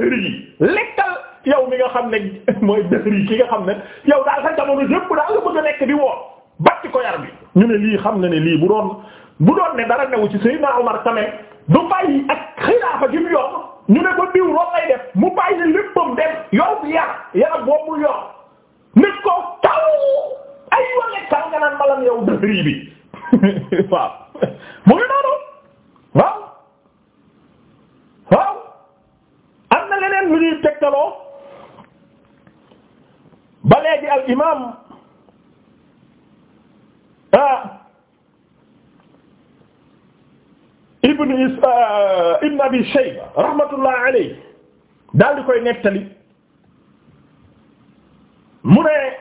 dëhri lekkal yow mi nga xam ne mooy dëhri ki nga xam ne yow daal sa jamono yëpp daal la bëgg a nekk di woor batti ko yar bi ñu ne lii xam na ne lii bu doon bu doon ne dara newu ci Seydina Omar tamit du bàyyi ak xilaafa gi mu yor ñu ne ko diw loolu lay def mu bàyyi ne léppam dem yow bi yar yar boobu yor nit ko taw ay wale taw nga naan malam yow dëhri bi mu ngi noonu waaw waaw leneen lu ñuy tegtaloo ba léegi al imaam ah ibn isa ah, ibn abi shayba rahmatullah alayhi daal di koy nettali mu ne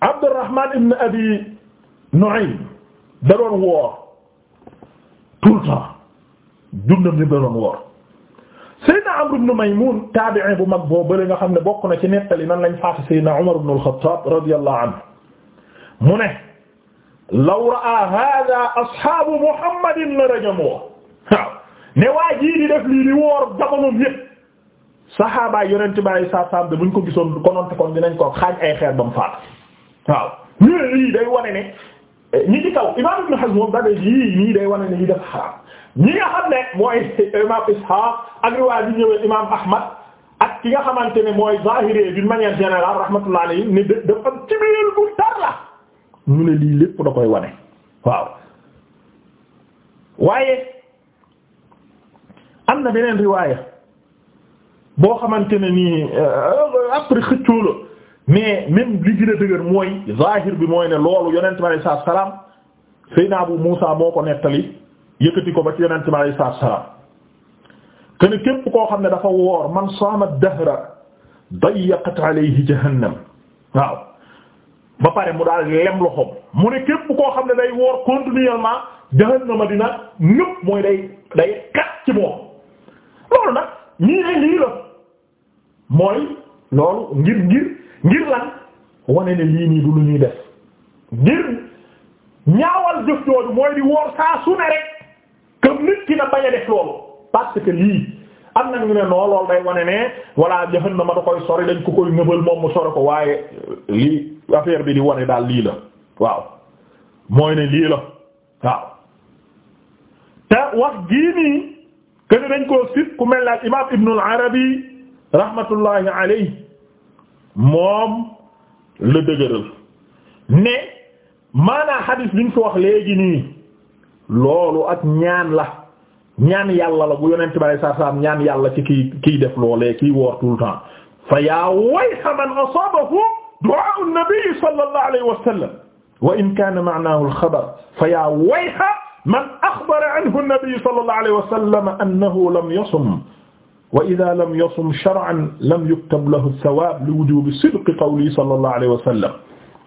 abdurrahman ibn abi nu'aym da doon woor tout le temps dundam ni da doon woor Seydina Amr ibn Maymun taabi'i bu mag boo bële nga xam ne bokk na ci nettali nan lañ faat Seydina Umar ibn al-Khattab radiyallahu anhu mu ne law ra'a hadha ashaabu Muhammadin la rajamuhu waaw ne waa jii di def lii di woor jamonoom yépp saxaaba yonent saa saam de buñ ko gisoon konoonte kon dinañ ko xaañ ay xeer ba mu faat waaw ñu lii day wane ne eh, ñi day wane ne ñu def xaraam ñi nga xam ne mooy imam Ishaq ak riwaay bi ñëwee imam Ahmad ak ki nga xamante ne mooy zahiri d'une manière générale rahmatullah alayhi ne dafa ci biir bu tar la ne lii lépp da koy wane waaw waaye am na beneen riwaaya boo xamante ne nii euh, après xëccoo la mais même li gën a dëgër mooy zahir bi mooy ne loolu yonent bi alayhi salaam Seydina Abu Muusa moo ko nettali yëkkati ko ba ci yonent bi alayhi képp koo xam ne dafa woor man saama dahra dayyaqat alayhi jahannam waaw ba pare mu daal lem loxoom mu ne képp koo xam ne day woor continuellement jahannama dina ñëpp mooy day day kat ci moom loolu nag ñii ne lii la mooy loolu ngir ngir ngir lan wane ne lii nii du lu ñuy def ngir ñaawal jëf jooju mooy di woor saa su ne rek comme nit na bañ a def loolu parce lii am na ñu ne non loolu day wane ne voilà jahannama da koy sori dañ ko koy nëbal moom mu sori ko waaye euh, lii affaire bi di wane daal lii la waaw mooy ne lii la waaw te wax jii nii dañ koo sit ku mel ne imam Ibn al-Arabi rahmatullahi alayhi moom la dëgëral ne maanaa hadis bi ñu ko wax léegi nii loolu ak ñaan la ñaan yàlla la bu yonent bi saa saa ñaan yàlla ci kiy kiy def loolee kiy woor tout le temps fa yaa wayha man asaabahu du'aa an-nabi sallallahu alayhi wa sallam wa in kaana ma'naahu al-xabar fa yaa wayha man axbara anhu an-nabi sallallahu alayhi wa sallam annahu lam yasum wa idaa lam yasum shar'an lam yuktab lahu as-sawaab li wujuubi sidqi qawlihi sallallahu alayhi wa sallam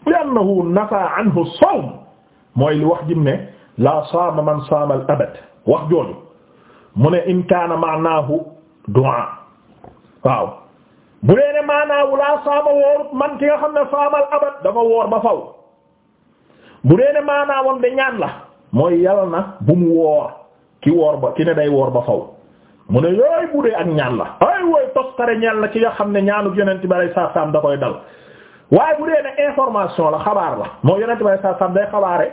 li annahu nafaa anhu as-sawm mooy li wax jëm ne la saama man saama al wax jooju mu ne in kaana maanaahu du'a waaw bu dee ne maanaahu laa saama woorut man ki nga xam ne saama al dafa woor ba faw bu dee ne maanaawam de ñaan la mooy yàlla na bu mu woor ki ba ki ne day woor ba faw mu ne yooy bu dee ak ñaan la ay wooy toskare ñaan la ki nga xam ne ñaanu yonent bi alay saa saam da koy dal waaye bu dee ne information la xabaar la moo yonent bi alay saa saam day xabaare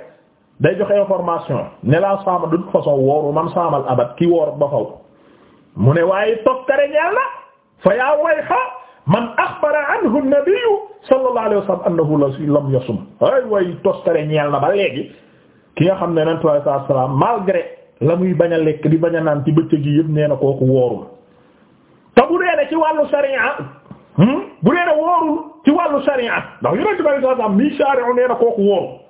day joxe information ne laa saama de toute façon wooru man saamal abad ki woor ba faw mu ne waaye tokkare ñeel na fa yaa wayha man axbara anhu an-nabiyyu sallallahu alayhi wasallam annahu lam yasum ay way tokkare ñeel na ba léegi ki nga xam ne nen tuwaayu sa salaam malgré la muy bañ lekk di baña naan ci bëccëg yi yëpp nee na kooku woorul te bu dee ne ci wàllu sariya hmm? bu dee ne ci wàllu sariya ndax yonent bi sallallahu alayhi wasallam mi sariya kooku woorul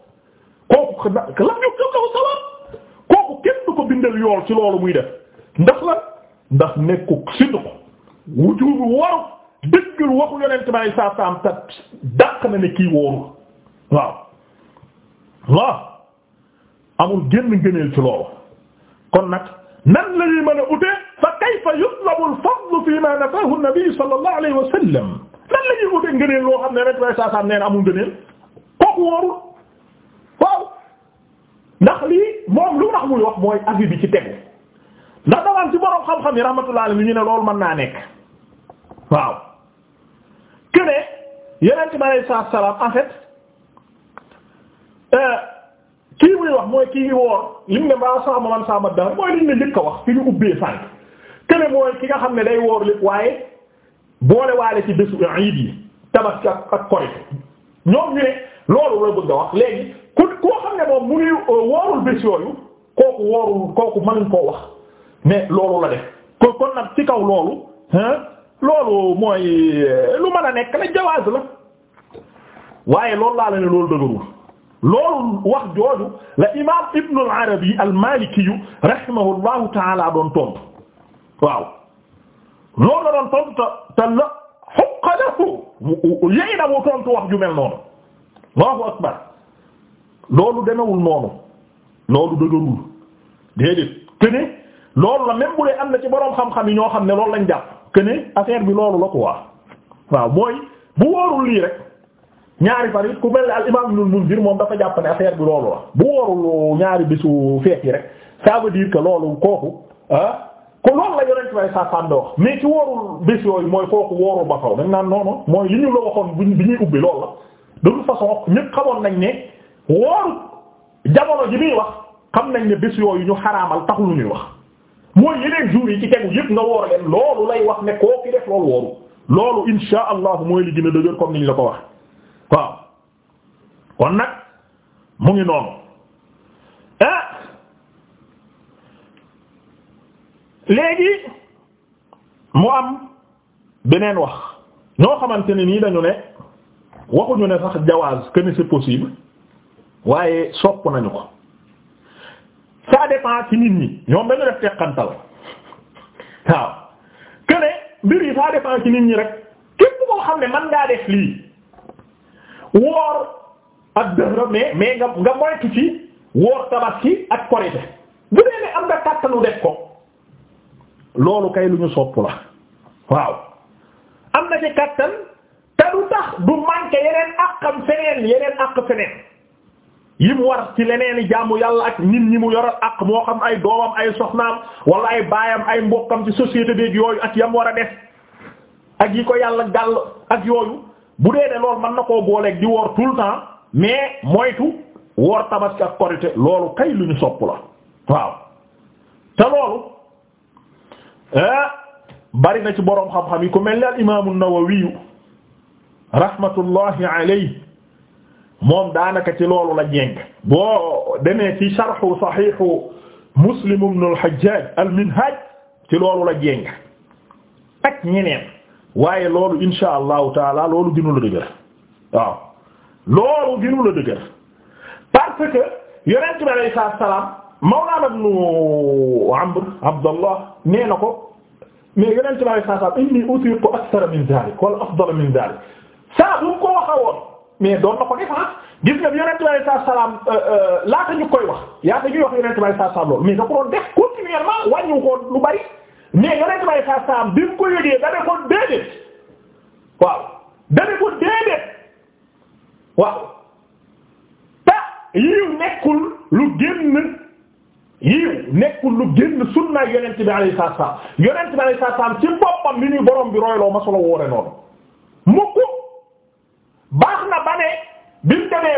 kooku la ñu ko kaw sawar ko bindal yool ci loolu muy de ndax la ndax nekku sidq wujubu waru dëggal waxu yonent bàyyi saa saam te dàq na ne kii wóorul waaw waaw amul génn ngëneel ci loolu kon nag nan la ñuy mën a utee fa kayfa yutlabu al-fadl fi ma nafahu an-nabi sallallahu alayhi wa sallam nan la ñuy utee ngëneel ne yonent bàyyi saa amul ngëneel kooku wóorul ndax lii moom lu tax muy wax mooy avis bi ci tegu ndax da ci borom xam-xam yi rahmatullah alayhi ñu ne loolu mën naa nekk waaw que ne yeneen ci saa salaam en euh, kii muy wax mooy kii woor li mu ne maa saama man saama mooy li ñu ne njëkk a wax fi ñu ubbee sànq que mooy ki nga xam ne day woor lépp waaye boole waale ci bésu iid yi tabaski ak ak korite ñoom ñu ne loolu la bëgg a wax léegi. ku koo xam ne moom mu ngi euh, woorul bés yooyu kooku woorul kooku mënuñ koo wax mais loolu la def ko kon nag ci kaw loolu loolu mooy euh, lu mën a nekk la jawaaz la waaye loolu laa la ne loolu dëgërul loolu wax jooju la imaam Ibn al-Arabi al-Maliki rahimahullahu ta'ala doon tontu waaw loolu la doon tontu te la xoqalahu yey na mu tontu wax ju mel noonu Allahu akbar loolu demewul noonu loolu dëgërul déedéet que ne loolu la même bu dee am na ci boroom xam-xam yi ñoo xam ne loolu lañ jàpp que ne bi loolu la quoi waaw mooy bu wóorul lii rek ñaari fan it ku mel ne al imaam Ibnul Munzir moom dafa jàpp ne bi loolu la bu wóorul ñaari bisu feet yi rek ça veut dire que loolu kooku ah, ko loolu la yonent way sa sànde wax mais ci woorul bés yooyu mooy kooku woorul ba kaw noonu mooy li ñu la waxoon bi ñuy ubbi nañ ne wooru jamono ji muy wax xam nañ ne bés yooyu ñu xaramal taxul lu ñuy wax mooy yeneen yi ci nga woor leen loolu lay wax ne koo ki def loolu wooru loolu insha allah mooy li gën dëgër comme niñ la ko wax waaw kon nag mu ngi noonu ah léegi mu am beneen wax ñoo xamante ni nii dañu ne waxuñu ne sax jawaaz que ne c'est possible waaye sopp nañu ko ça dépend ci nit ñi ñoom dañu def teqantal waaw këre ne mbir yi ça dépend ci nit ñi rek képp koo xam ne mën ngaa def lii woor ak dëxra mais mais nga nga moytu ci woor tabaski ak korite bu dee ne am nga kàttanu def ko loolu kay lu ñu sopp la waaw am na ci kàttan te du tax du manqué yeneen àqam feneen yeneen àq feneen yi mu war ci leneeni jaamu yàlla ak nit ñi mu yoral ak moo xam ay doomam ay soxnaam wala ay baayam ay mbokkam ci société bi ak yam war a def ak yi ko yàlla gàll ak yooyu bu dee ne loolu mën na koo booleeg di woor tout le mais moytu woor tabaski ak korite loolu kay lu ñu sopp la waaw te loolu eh, bari na ci boroom xam-xam yi ku mel ni al imaamu Nawawi rahmatullahi alayhi moom daanaka ci loolu la jéng boo demee ci sharhu sahihu muslim ibn al-hajjaj al-minhaj ci loolu la jéng ak ñeneen waaye loolu insha allahu taala loolu gënu la dëgër waaw loolu gënu la dëgër parce que yonent bi alayhi salaam mawlana ibn amr abdallah nee na ko mais yonent bi alayhi salaam inni utiqu akthara min dhalik wal afdala min dhalik saa bu ko waxawoon mais doon na ko def ah gis nga yonent bi alayhi salaam euh, euh, laata ñu koy wax yaata ñuy wax yonent bi alayhi salaam loolu mais da ko doon def continuellement wàññiw ko lu bari mais yonent bi salaam bi mu ko yëgee da ne ko déedéet waaw da ne ko déedéet waaw te yiw nekkul lu génn yiw nekkul lu génn sunna yonent bi salaam yonent bi alayhi salaam ci boppam li ñuy borom bi royloo ma solo woore noonu mukk baax na ba ne bi mu demee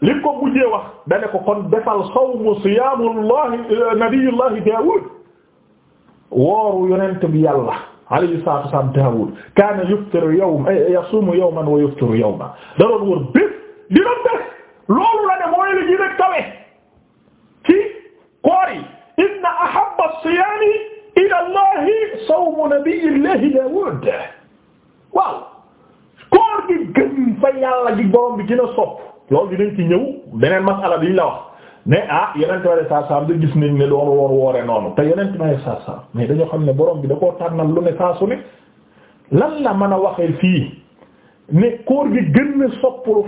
li ko wax da ko kon defal sawmu siyaamullahi eh, nabiyullahi Daawud wooru yonent bi yàlla alayhi salaatu wa salaam Daawud kaana yuftiru yawman eh, yasuumu yawman wa yuftiru yawman da doon wër bés di doon bés loolu la ne mooy la ji rek kawe ci ila allahi sawmu nabiyyillahi Daawud waaw ba yàlla di borom bi gën a sopp loolu dinañ ci ñëw beneen masala bi ñu la wax ne ah yeneen tubaab gis nañ ne loolu woon noonu te yeneen tubaab yi dañoo xam ne borom bi da koo tànnal lu ne saa su ne lan la a waxee fii ne koor gi gën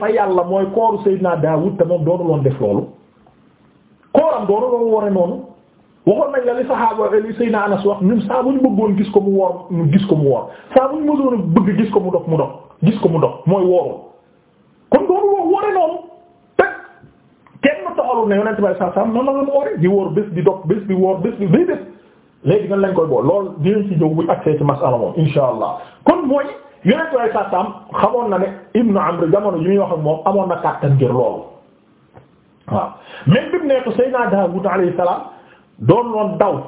a yàlla mooy kooru Seydina Daawud te moom doonu loon def loolu kooram doonu loon woore wax ñun saa bu ñu bëggoon gis ko mu wor ñu gis ko mu wor saa bëgg gis ko mu dox mu dox gis ko mu dox mooy woorul kon doon woo woore noonu te kenn toxalu ne yonent bay saa saa noonu la doon woore di woor bés di dox bés di woor bés di bay bés léegi nan lañ koy bool loolu dinañ ci jóg buñ accès ci masala moom insha allah kon mooy yonent bay saa saa xamoon na ne Ibnu Amr jamono yi muy wax ak moom amoon na kàttan ngir loolu waaw même bi mu nekk Seydina Daawud alayhi salaam doon loon daw.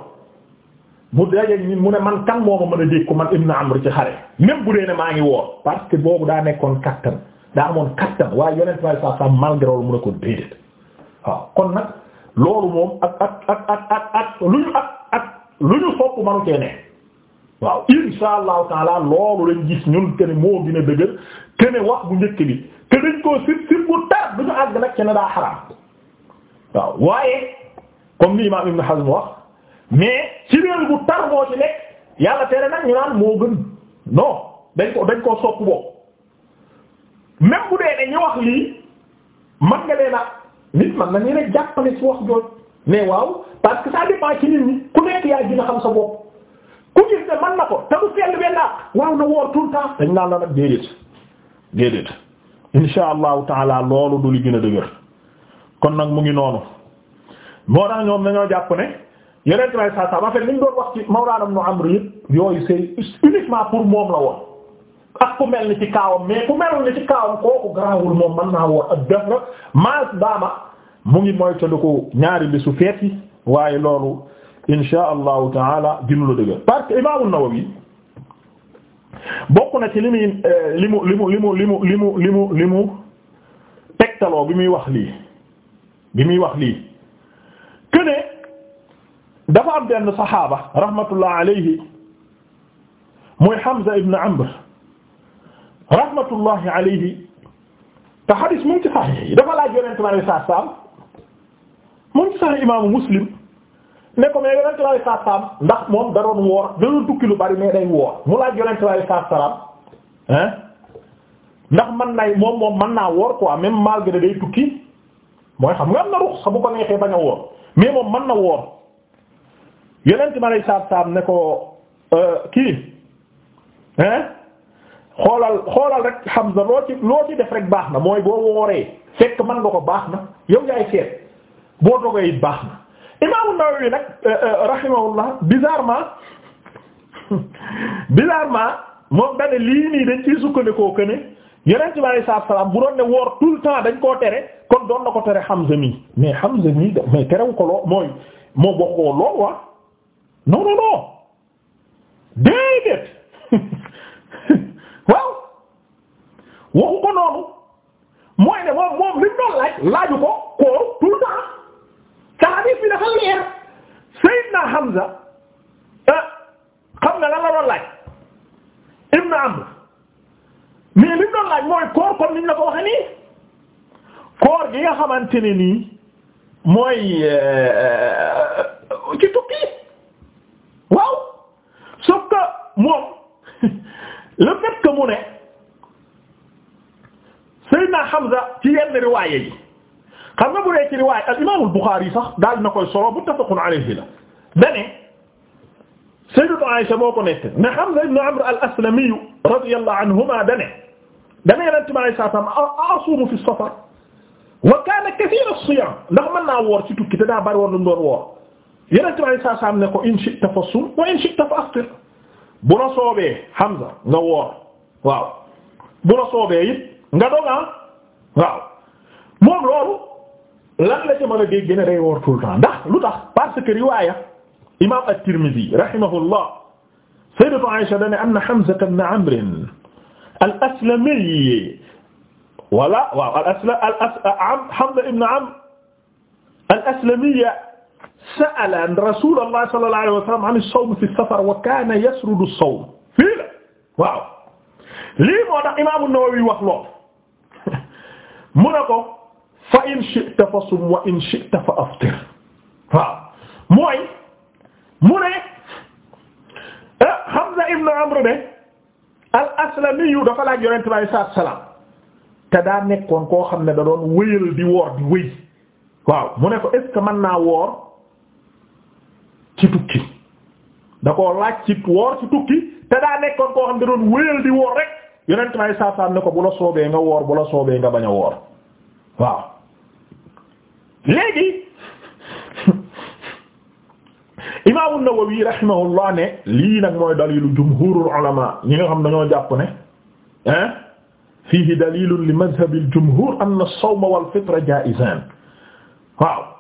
mu dajeeg ñun mu ne man kan moo ma mën a dégg ko man Ibn Amr ci xare même bu dee ne maa ngi woor parce que boobu daa nekkoon kattan daa amoon kattan waaye yonent bi saa saa malgré mu ne ko déedéet waaw kon nag loolu moom ak ak ak ak ak lu ñu ak ak lu ñu sopp manu cee waaw insha allahu taala loolu lañ gis ñun te moo gën a dëgër wax bu njëkk bi te dañ koo sir sir bu tar du ñu àgg nag ci ne daa xaraam waaw waaye comme ni imaam Ibn mais ci réew bu tar moo ci nekk yàlla tere nag ñu naan moo gën non dañ ko dañ koo sopp bokk même bu dee ne ñu wax lii man nga leen a nit man na ñu ne jàppale ci wax jooj mais waaw parce que ça dépend ci nit ku nekk yaa dina xam sa bopp ku gis ne man na ko te du fell benn ak waaw na woor tout le temps dañ naan la nag déedéet déedéet insha allahu taala loolu du li gën dëgër kon nag mu ngi noonu moo tax ñoom nañoo jàpp ne yeneen may saa saa en fait li mu doon ci Mawlana Ibn Amr yëpp moom la woon ak ku mel ni ci kaawam mais ku melul ni ci kaawam kooku garaawul moom mën naa woon ak def maas baama mu ngi moytandiku ñaari bisu feet waaye loolu insha allahu taala ginu la dëgg parce que Imam An-Nawawi bokk na ci li muy eh, li mu li mu li bi muy wax lii bi muy wax lii dafa am benn saxaaba rahmatullah alayhi muy Hamza ibn Amr rahmatullahi alayhi te xadis mu ngi ci saxiix dafa laaj yonent bi alayhi salaatu salaam mu ngi ci saxiix imaamu Muslim ne ko mais yonent bi alayhi salaatu salaam ndax moom da woor da tukki lu bari mais day woor mu laaj yonent bi alayhi salaatu salaam hein ndax man nay moom moom mën naa woor quoi même malgré day tukki mooy xam nga am na ruux sax bu ko neexee bañ woor mais moom mën na woor. yonent ma lay saab saab ne ko euh, kii hein xoolal xoolal rek Hamza loo ci loo ci def rek baax na mooy boo wooree fekk mën nga ko baax na yow yaay seet boo dogee it baax na Imaamu Nawawi nag euh, euh, rahimahullah bizarrement bizarrement moom dane lii nii dañ ciy sukkandikoo que ne yonent bi alayhi salaatu salaam bu doon ne woor tout le temps dañ koo tere kon doon na ko tere Hamza mi mais Hamza mi mais terewu ko loo mooy moo non non non déedéet waaw waxu ko noonu mooy ne moom moom li mu doon laaj laaju ko kooru tout le temps taxadis bi dafa leer Seydina Hamza euh, xam nga la doon laaj Ibn Amr mais li mu doon laaj mooy koor comme niñ la ko waxee nii koor gi nga xamante ne nii mooy euh, euh, ci tukki moom le fait que mu ne Seydina Hamza ci yenn riwaaye yi xam nga bu dee ci riwaaye al imaamul Buxaari sax daal na koy solo muttafaqun alayhi la dane Sayyidatu Aisha moo ko nett ne Hamza ibn Amr al-Aslami radiyallahu anhuma dane dane Yonent bi alayhi salaam asuumu fi safar wa kaana kathiira as-siyaam ndax mën naa woor ci tukki te daa bari woon lu mu doon woor Yonent bi alayhi salaam ne ko in shi'ta fasum wa in shi'ta fa aftir bu la soobee Hamza nga woor waaw bu la soobee it nga dogaa ah waaw moom loolu lan la ca mën a dégg ne day woor tout le ndax lu tax parce que riwaaya imam at-Tirmidhi rahimahullah sayyidatu Aisha dane anna Hamza ibn Amr al-Aslami wala waaw al-Aslami Hamza sa'ala rasulullah sallallahu alayhi wa sallam an as-sawm fi as-safar wa kana yasrudu as-sawm fii la waaw lii moo tax imaamu Nawawi wax lool mu ne ko fa in shi'ta fa sum wa in shi'ta fa aftir waaw mooy mu ne eh, Hamza ibn Amr de al-Aslami dafa laaj Yonent bi alayhi salaatu wa salaam te daa nekkoon koo xam ne da doon wéyal di woor di wéy waaw mu ne ko est-ce que mën naa woor ci tukki da koo laaj ci woor ci tukki te daa nekkoon koo xam ne doon wéyal rek yonent may saasaan ne ko bu la soobee nga woor bu la soobee nga bañ a woor waaw léegi imaamu Nawawi rahimahullah ne lii nag mooy dalilu jumhurul ulama ñi nga xam dañoo jàpp ne hein fiihi dalilun li madhhabil jumhur anna as-sawma wal fitra jaa'izan waaw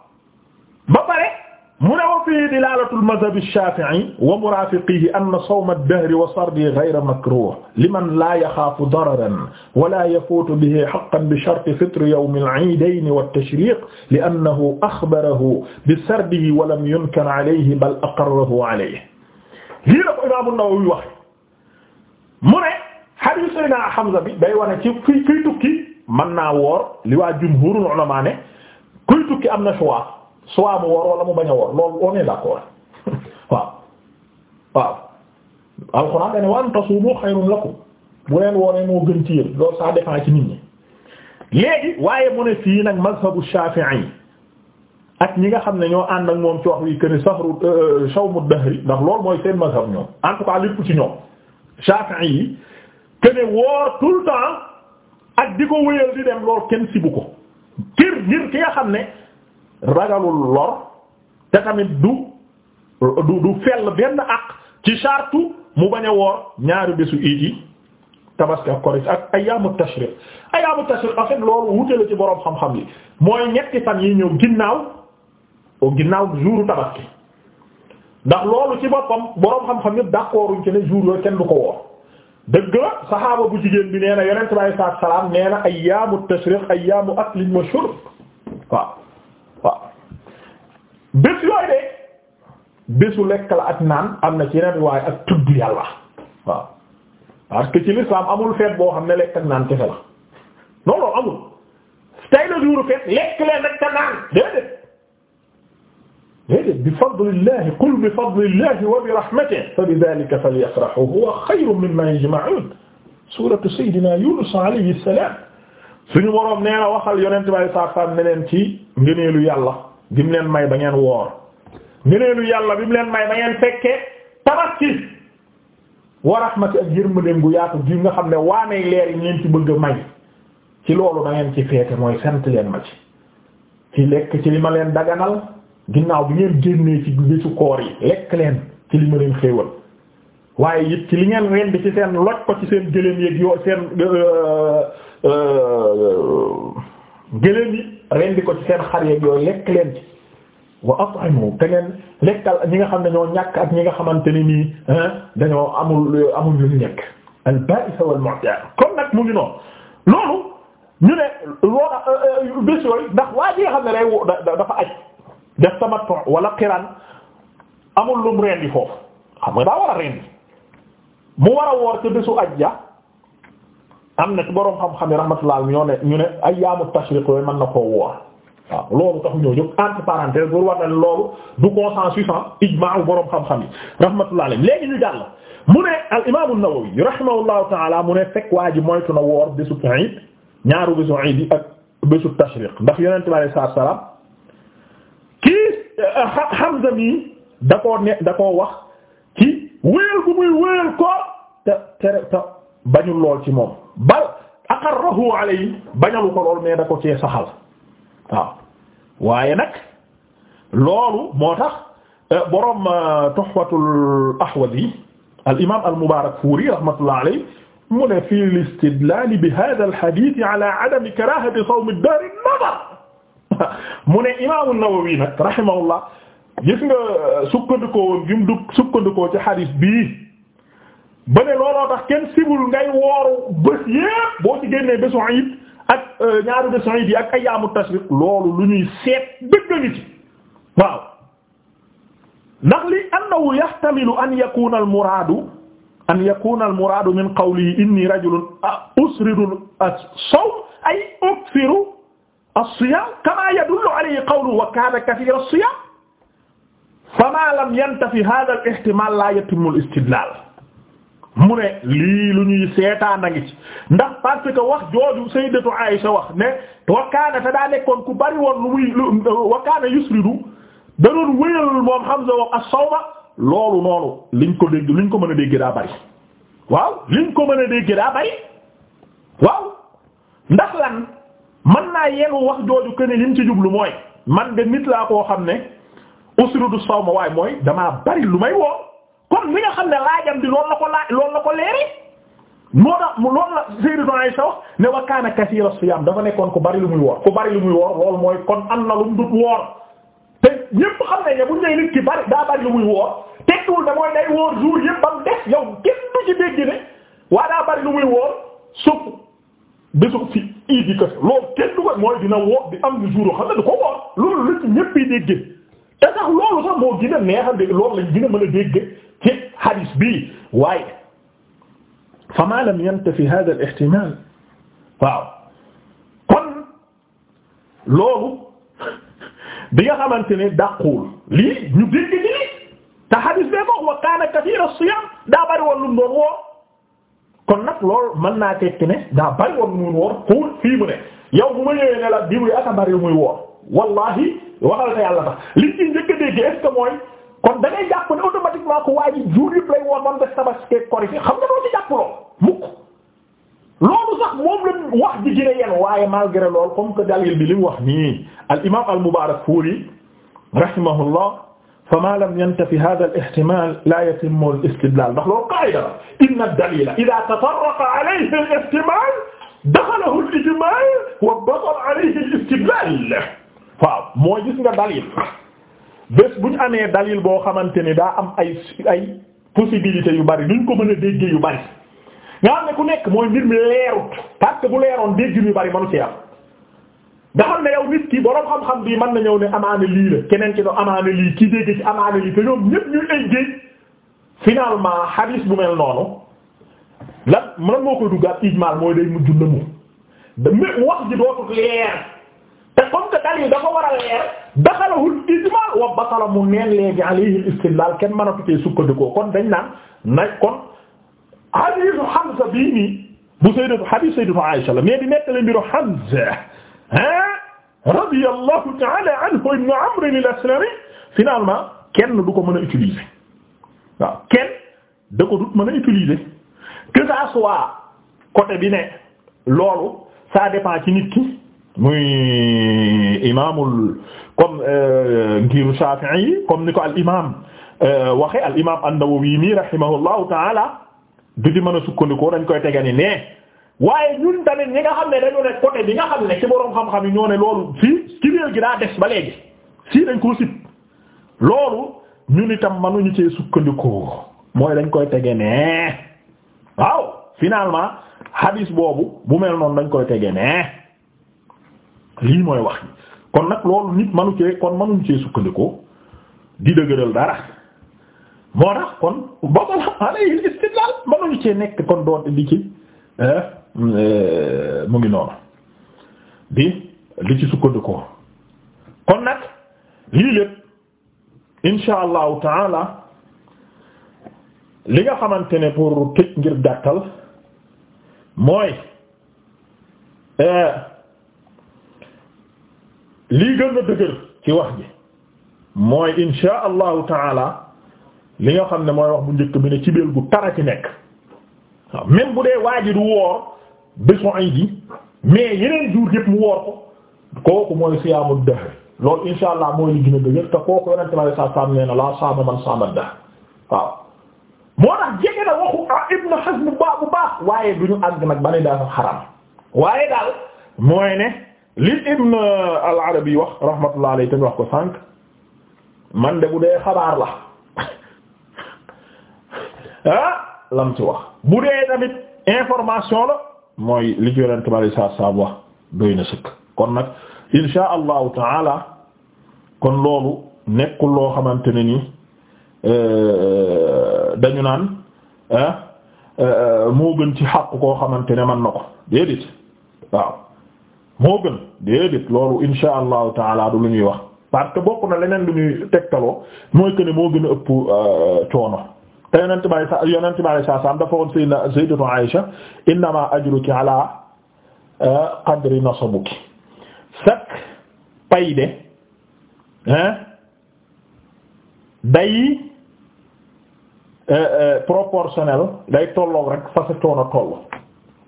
mu ne wa fii dilalatu almadhab alshafii wa murafiqihi ann sawma aldahri wa sardi gayra makruh liman la yaxaafu dararan wala yafuutu bihi xaqan bi sharti fitri yowm alciidayn waltashriq liannahu axbarahu bisardihi walam yunkan alayhi bal aqarrahu alayhi lii la ko imaamu Nawawi wax mu ne hadiis Seydina Hamza bi day wane ci kuy tukki mën naa woor li waa jumhuurul ulamaa ne kuy tukki am na choix soit mu wor wala mu bañ a wor loolu on est d'accord waaw waaw alxuraan dane wa an tasuumu xayrun lakum bu leen woonee moo gën ci yéen loolu ça dépend ci nit ñi léegi waaye mu ne fii nag mazhabu Shafi'i ak ñi nga xam ne ñoo ànd ak moom ci wax wi que ni sahru euh, sawmu dahri ndax loolu mooy seen mazhab ñoom en tout cas lépp ci ñoom Shafi'i yi que ne woor tout le ak di ko wéyal di dem loolu kenn sibu ko kir ngir ki nga xam ne ragalul lor te tamit du du du fell benn ak ci chartu mu bañ a woor ñaari bésu iit tabaski ak ak ayaamu tashriq ayaamu tashriq en fait loolu wute la ci boroom xam-xam yi mooy ñetti fan yi ñëw ginnaaw o ginnaaw jouru tabaski ndax loolu ci boppam boroom xam-xam yëpp d'accorduñ ci ne jour yooyu kenn du ko woor dëgg la saxaaba bu jigéen bi nee na yonent bi alayhi salaam nee na ayaamu tashriq ayaamu aklin wa shurb waaw bés yooyu de bésu lekk la ak naan am na ci yeneen riwaay ak tudd yàlla waaw parce que ci l'islam amul feet boo xam ne lekk ak naan kese la non non amul tey la jour feet lekk leen ak ta naan déedéet déedéet bi qul bi fadlillahi wa bi rahmatihi fa bi dhalika falyafrahu huwa khayrun mimma yajma'un suratu sayyidina yunus alayhi salam suñu boroom nee na waxal yonent bi sallallahu alayhi wasallam ne leen ci ngëneelu yàlla bi mu leen may ba ngeen woor ngëneelu yàlla bi mu leen may ba ngeen fekkee tabaski wa rahmati ak yërmandeem gu yaatu gi nga xam ne waa waanee leer yi ngeen ci bëgg a may ci loolu da ngeen ci feete mooy sant leen ma ci ci lekk ci li ma leen daganal ginnaaw bi ngeen génnee ci bésu koor yi lekk leen ci li ma leen xéewal waaye it ci li ngeen rend ci seen loj ko ci seen gëléem yeeg yoo seen euh, euh, gëléem yi rendi ko ci seen xar yeeg yooyu lekk leen ci wa at'imu te ngeen lekkal ñi nga xam ne ñoo ñàkk ak ñi nga xamante ni nii dañoo amul amul lu ñu nekk al ba'is wal mu'tar kon mu ngi ne loo euh, euh, bés yooyu ndax waa ji nga xam wala qiran amul lum rendi foofu xam nga daa war a rendi mu war woor ca bésu aj am na ci boroom xam-xam yi rahmatullah ñoo ne ñu ne ayyaamu tashriq yooyu mën na koo woor waaw loolu tax ñoo jóg entre parenthèses pour war na loolu du consensus ah ijma'u boroom xam-xam yi rahmatullah alayhi léegi ñu jàll mu ne al imam an-Nawawi rahimahullahu ta'ala mu ne fekk waa ji moytu na woor bésu iid ñaaru bésu iid yi ak bésu tashriq ndax yonent bi alayhi salaatu salaam kii Hamza mi da koo ne da koo wax ci wéyal bu muy wéyal ko te tere te bañul lool ci moom. bal aqarrahu alayhi bañalu ko lool mais da ko cee saxal waaw waaye nag loolu moo tax euh, borom euh, tuhfatul ahwazi al imam al mubarakfuri rahmatullah alayhi mu ne fi l istidlal bi hadha al hadith ala adam karahati sawm ad-dar an-nadar mu ne imam an-nawawi nag rahimahullah gis nga euh, sukkandikoo woon gi mu dugg sukkandikoo ci hadith bii ba ne looloo tax kenn sibul ngay wooru bés yépp boo ci génnee bésu iid ak euh, ñaari bésu iid yi ak ayaamu tashriq loolu lu ñuy seet dëgg ngi ci waaw ndax li annahu yahtamilu an yakuna al muraadu an yakuna al muraadu min qawlihi inni rajulun usridu as-sawm ay ukthiru as-siyaam kama yadullu alayhi qawluhu wa kaana kathiira as-siyaam fama lam yantafi haadha al ihtimaal laa yatimmu al istidlaal mu ne lii lu ñuy seetaan a ngi ci ndax parce que wax jooju sayyidatu sa wax ne wakkaana te daa nekkoon ku bari woon lu muy wakkaana yusridu da doon wéyal moom Hamza wax as-sawma loolu noonu liñ ko dégg luñ ko mën a dégg daa bari waaw liñ ko mën a dégg daa bari waaw ndax lan man naa yenu wax jooju que ne lim ci jublu mooy man de nit laa koo xam ne usridu sawma waaye mooy damaa bari lu may woo kon mi nga xam ne laajam bi loolu la ko laaj loolu la ko leere moo tax loolu la Sayyidatu Aisha wax ne wa kaana kasiira siyaam dafa nekkoon ku bari lu muy woor ku bari lu muy woor loolu mooy kon am na mu dut woor te ñépp ne bu ki bari daa bari lu muy woor tekkiwul da mooy day woor jour yépp ba mu des yow lu muy woor suuf bésu ci iid yi kese loolu kenn du am du jour xam ko woor te sax loolu sax moo gën a neex a dégg loolu lañ gën a a dégg ci hadis bi waaye fa ma lam yantafi hada al ihtimal waaw kon loolu bi nga xamante ne dàquwul lii ñu dégg nii te ko wa kaana kathira as-siyam daa bari woon lu mu doon kon nag loolu mën naa tekki ne daa bari woon lu mu woor mu ne yow bu ma ñëwee ne la diw yi aka bari wallahi waxal te yàlla tax li ci njëkk a dégg kon da ngay jàpp ne automatiquement ko waa ji jur yëpp lay woon ba mu des tabaski korite xam nga doo ci jàpp lool mukk loolu sax moom la wax ji gën a yen waaye malgré lool comme que dalil bi li mu wax nii al imam al Mubarakfuri rahimahullah fama lam yantafi hadha al ihtimal la yatimmu al istidlal ndax loolu qaida la inna ad-dalila idha tatarraqa alayhi al ihtimal daxalahu al ijmal wa batala alayhi al istidlal waaw mooy gis nga dalil bés bu ñu amee dalil boo xamante ni daa am ay ay possibilités yu bari duñ ko mën a déggee yu bari nga xam ku nekk mooy mbir mi leerut parce que bu leeroon dégg yu bari manu ci am nga ne yow nit ki boroom xam-xam bii mën na ñëw ne amaana lii la keneen ki do amaana lii ki dégg ci amaana lii te ñoom ñépp ñuy ay géej finalement hadis bu mel noonu lan man moo koy duggaat ijmal mooy day mujj lëmu da wax ji dootul leer te comme que dalil dafa war a leer daxalahul ijmal basala mu neen léegi alayhi istidlal kenn mënatu cee sukkandikoo kon dañ naan na kon hadiisu Hamza bii nii bu sayyidatu hadiis sayyidatu Aisha la mais di nettali mbiru Hamza ah radiyallahu ta'ala anhu ibn Amr al-Aslami finalement kenn du ko mën a utiliser waaw kenn da ko dut mën a utiliser que ça soit bi ne loolu ça dépend ci nit ki muy imaamul comme ngiru euh, Shafi'i yi comme ni ko al imaam euh, waxe al imaam an-Nawawi mi rahimahullahu taala du di mën a sukkandikoo dañ koy tegani ne waaye ñun tamit ñi nga xam ne dañu ne côté bi nga xam ne ci boroom xam-xam yi ñoo ne loolu fii ci réew gi daa des ba léegi sii dañ koo sib loolu ñun itam mënuñu cee sukkandikoo mooy dañ koy tege ne waaw finalement hadis boobu bu mel noonu dañ koy tege ne lii mooy wax kon nag loolu nit manu cee kon manuñ cee sukkandikoo di dëgëral dara moo tax kon boobu la alayhi istidlal manuñu cee nekk kon doon di ci eh, eh, mu ngi noonu bi li ci sukkandikoo kon nag lii lépp insha allahu taala li nga xamante ne pour tëj ngir gàttal mooy. Eh, lii gën a dëgër ci wax ji mooy insha allahu taala li ñoo xam ne mooy wax bu njëkk bi ne ci béel gu tara ci nekk waaw même bu dee waa ji du woor bésu ay ji mais yeneen jour yëpp mu woor ko kooku mooy siyaamul dahr loolu insha allah mooy li a dëgër te kooku yonente ma le sa saam nee na laa saama man saama dahr waaw moo tax jege na waxu ah Ibn Hazm bu baax bu baax waaye du ñu àgg nag ba ne dafa xaram waaye daal mooy ne li ibn al arabi wax rahmatullah alayhi tamit wax ko sànq man de bu dee xabaar la ah lam ci wax bu dee tamit information la mooy li ci yonent bi alayhi salaatu wax doy na sëkk kon nag insha allahu taala kon loolu nekkul loo xamante ne ni euh, dañu naan ah, euh, moo gën ci xàq koo xamante ne man na ko déedéet waaw moo gën déedéet loolu insha allahu taala du lu ñuy wax parce que bokk na leneen lu ñuy tegtaloo mooy que ne moo gën a ëpp euh, coono te yonent bi sa yonent bi saa saam dafa woon Sayyida Sayyidatu Aïsha innama ajruki ala euh, qadri nasabuki sak pay de hein day euh, proportionnel day tolloog rek fa sa coono toll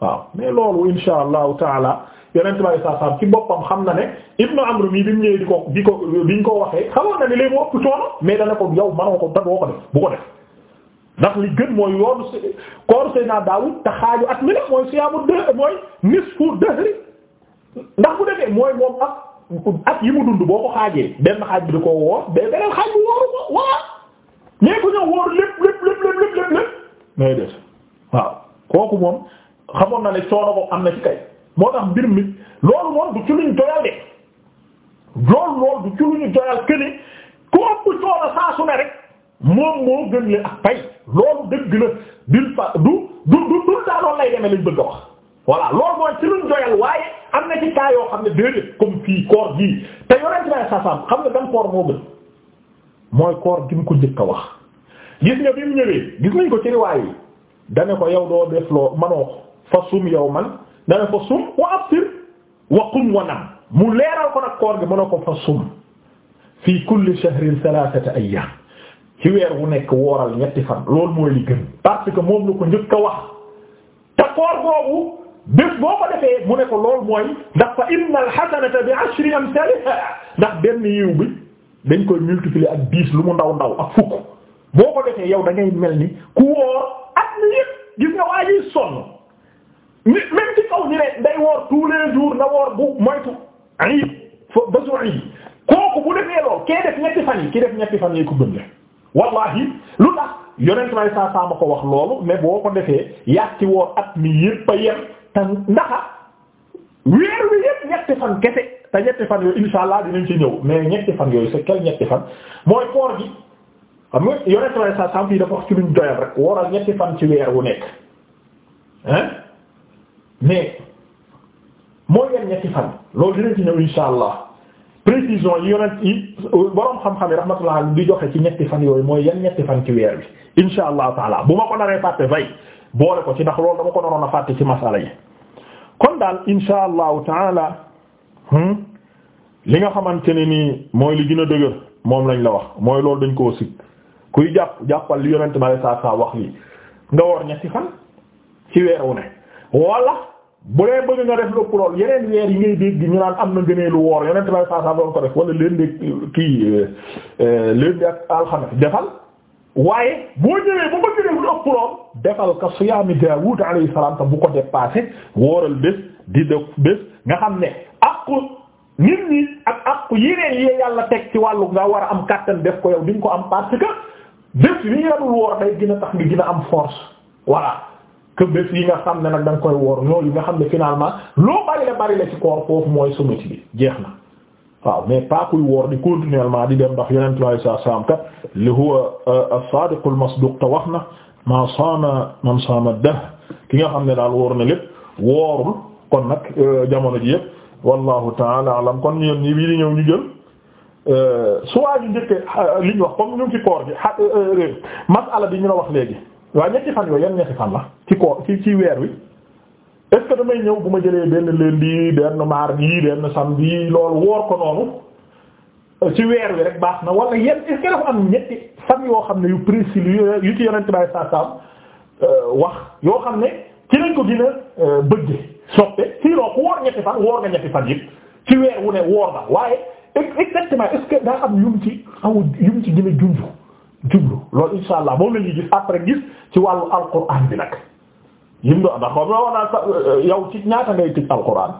waaw mais loolu insha allahu taala yeneen tubaab yi saa saa ci boppam xam na ne Ibnu Amr mii bi mu ñëwee di ko di ko biñ ko waxee xamoon na ne léegi moo ëpp coono mais dana ko yow mënoo ko daf woo bu def ndax li gën mooy yoonu koor Seydina ndax bu defee mooy moom at yi mu dund boo ko xaajee benn xaaj bi di ko woor mais xaaj bi wooru ko voilà mais ku ñëw woor lépp lépp lépp lépp lépp waaw kooku moom. xamoon na ne coono boobu am na ci kay moo tax mbir mi loolu moom du ci luñ doyal de loolu loolu du ci luñu doyal que ne ku ëpp coono saa rek moom moo gën leen ak pay loolu dëgg la bil fa du du du du daaloon lay demee lañ bëgg a wax. voilà loolu mooy ci luñ doyal waaye am na ci cas yoo xam ne déedéet comme fii koor gii te yore naa sasam xam nga gan koor moo gën mooy koor gi mu ko njëkk a wax. gis nga bi mu ñëwee gis nañ ko ci riwaay yi dane ko yow doo def fa sum yawman dana fa sum wa aftir wa qum wa nam mu leeral ko nag koor gi mu ne ko fa sum fii kulli shahrin thalathata ayyam ci weer wu nekk wooral ñetti fan loolu mooy li gën parce que moom la ko njëkk a wax te koor boobu bés boo ko defee mu ne ko loolu mooy ndax fa inna alxasanata bi ashri amsaliha ndax benn yiw bi dañ koy multiplier ak dix lu mu ndaw ndaw ak fukk boo ko defee yow da ngay mel ni ku woor at mi yëpp gis nga waa ji sonn même ci kaw ñu ne day woor tous les na woor bu moytu ayib fo ba su kooku bu defee lool kee def ñetti fan yi ki def ñetti fan yi ko gën la wallahi lu tax yonent may saa saa ma ko wax loolu mais boo ko defee yàq ci woor at mi yépp a yem te ndaxa weer wi yépp ñetti fan kese te ñetti fan yooyu insha dinañ ci ñëw mais ñetti fan yooyu c'est quel ñetti fan mooy koor gi nga yonent may saa saa fii dafa wax ci luñ doyal rek wooral ñetti fan ci weer wu nekk mais moo yan ñetti fan loolu dinañ ci ñëw insha allah précision yi yonent yi boroom xam-xam yi rahmatullah di joxe ci ñetti fan yooyu mooy yan ñetti fan ci weer bi insha allahu taala bu ma ko naree fàtte fay boole ko ci ndax loolu dama ko naroon a ci masala yi kon daal insha allahu taala hmm, li nga xamante ne nii mooy li gën a moom lañ la wax mooy loolu dañ koo kuy jàpp jàppal li yonent ma la saa saa wax lii fan ci weer wu ne wala bu dee bëgg nga def lu ëpp lool yeneen weer yi ngay dégg ñu naan am na ngënee lu woor yeneen tamit saa saa doon ko def wala lundi kii euh, lundi ak alxames defal waaye boo ñëwee ba bëgg def lu ka siyaami Daawuud alayhi bu ko dépassé wooral bés di def bés nga xam ne àqu nit ñi ak àqu yeneen yi yàlla teg ci wàllu nga war a am kàttan def ko yow di ko am parce que yi nga dul woor day gën a tax nga gën a am force voilà. que bés yi nga xam ne nag da nga koy woor ñooyu nga xam ne finalement loo bari la bari la ci koor foofu mooy somati bi jeex na waaw mais pas kuy woor di continuellement di dem ndax yonent bi alayhi salaam kat li huwa euh, as-saadiqu al-masduuq te wax na ma saama man saama dahr ki nga xam ne daal woor na lépp woorul kon nag euh, jamono ji yëpp wallahu taala alam kon ñun ñi bii di ñëw ñu jël euh, su waa ñu njëkkee li ñu wax comme ñu ci koor gi masala bi ñu la wax léegi waaw ñetti fan yooyu yan ñetti fan la ci ko ci ci weer wi est ce que damay ñëw bu ma jëlee benn lundi benn mardi benn samedi loolu woor ko noonu euh, ci weer wi rek baax na wala yéen est ce am ñetti fan yoo xam ne yu précis yu ci yonent bay saa saam euh, wax yoo xam ne ci lañ ko gën a euh, bëgge soppe sinon ku woor ñetti fan woor nga ñetti fan yëpp ci weer wu ne woor na waaye exactement est ce que daa am yu mu ci xaw yu ci gën a junju jublu loolu insha allah moom la ñuy gis après gis ci wàllu alquran bi nag yim do ndax moom la wax naa sax euh, yow ci ñaata ngay tëj alquran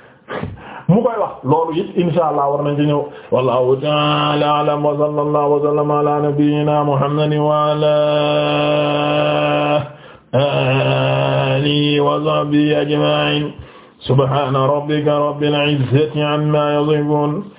mu koy wax loolu it insha allah war nañ ci ñëw wallahu ta'ala a'lam wa sallallahu wa sallama ala nabiyyina muhammadin wa ala alihi wa sahbihi ajma'in subhana rabbika rabbil izzati amma yasifun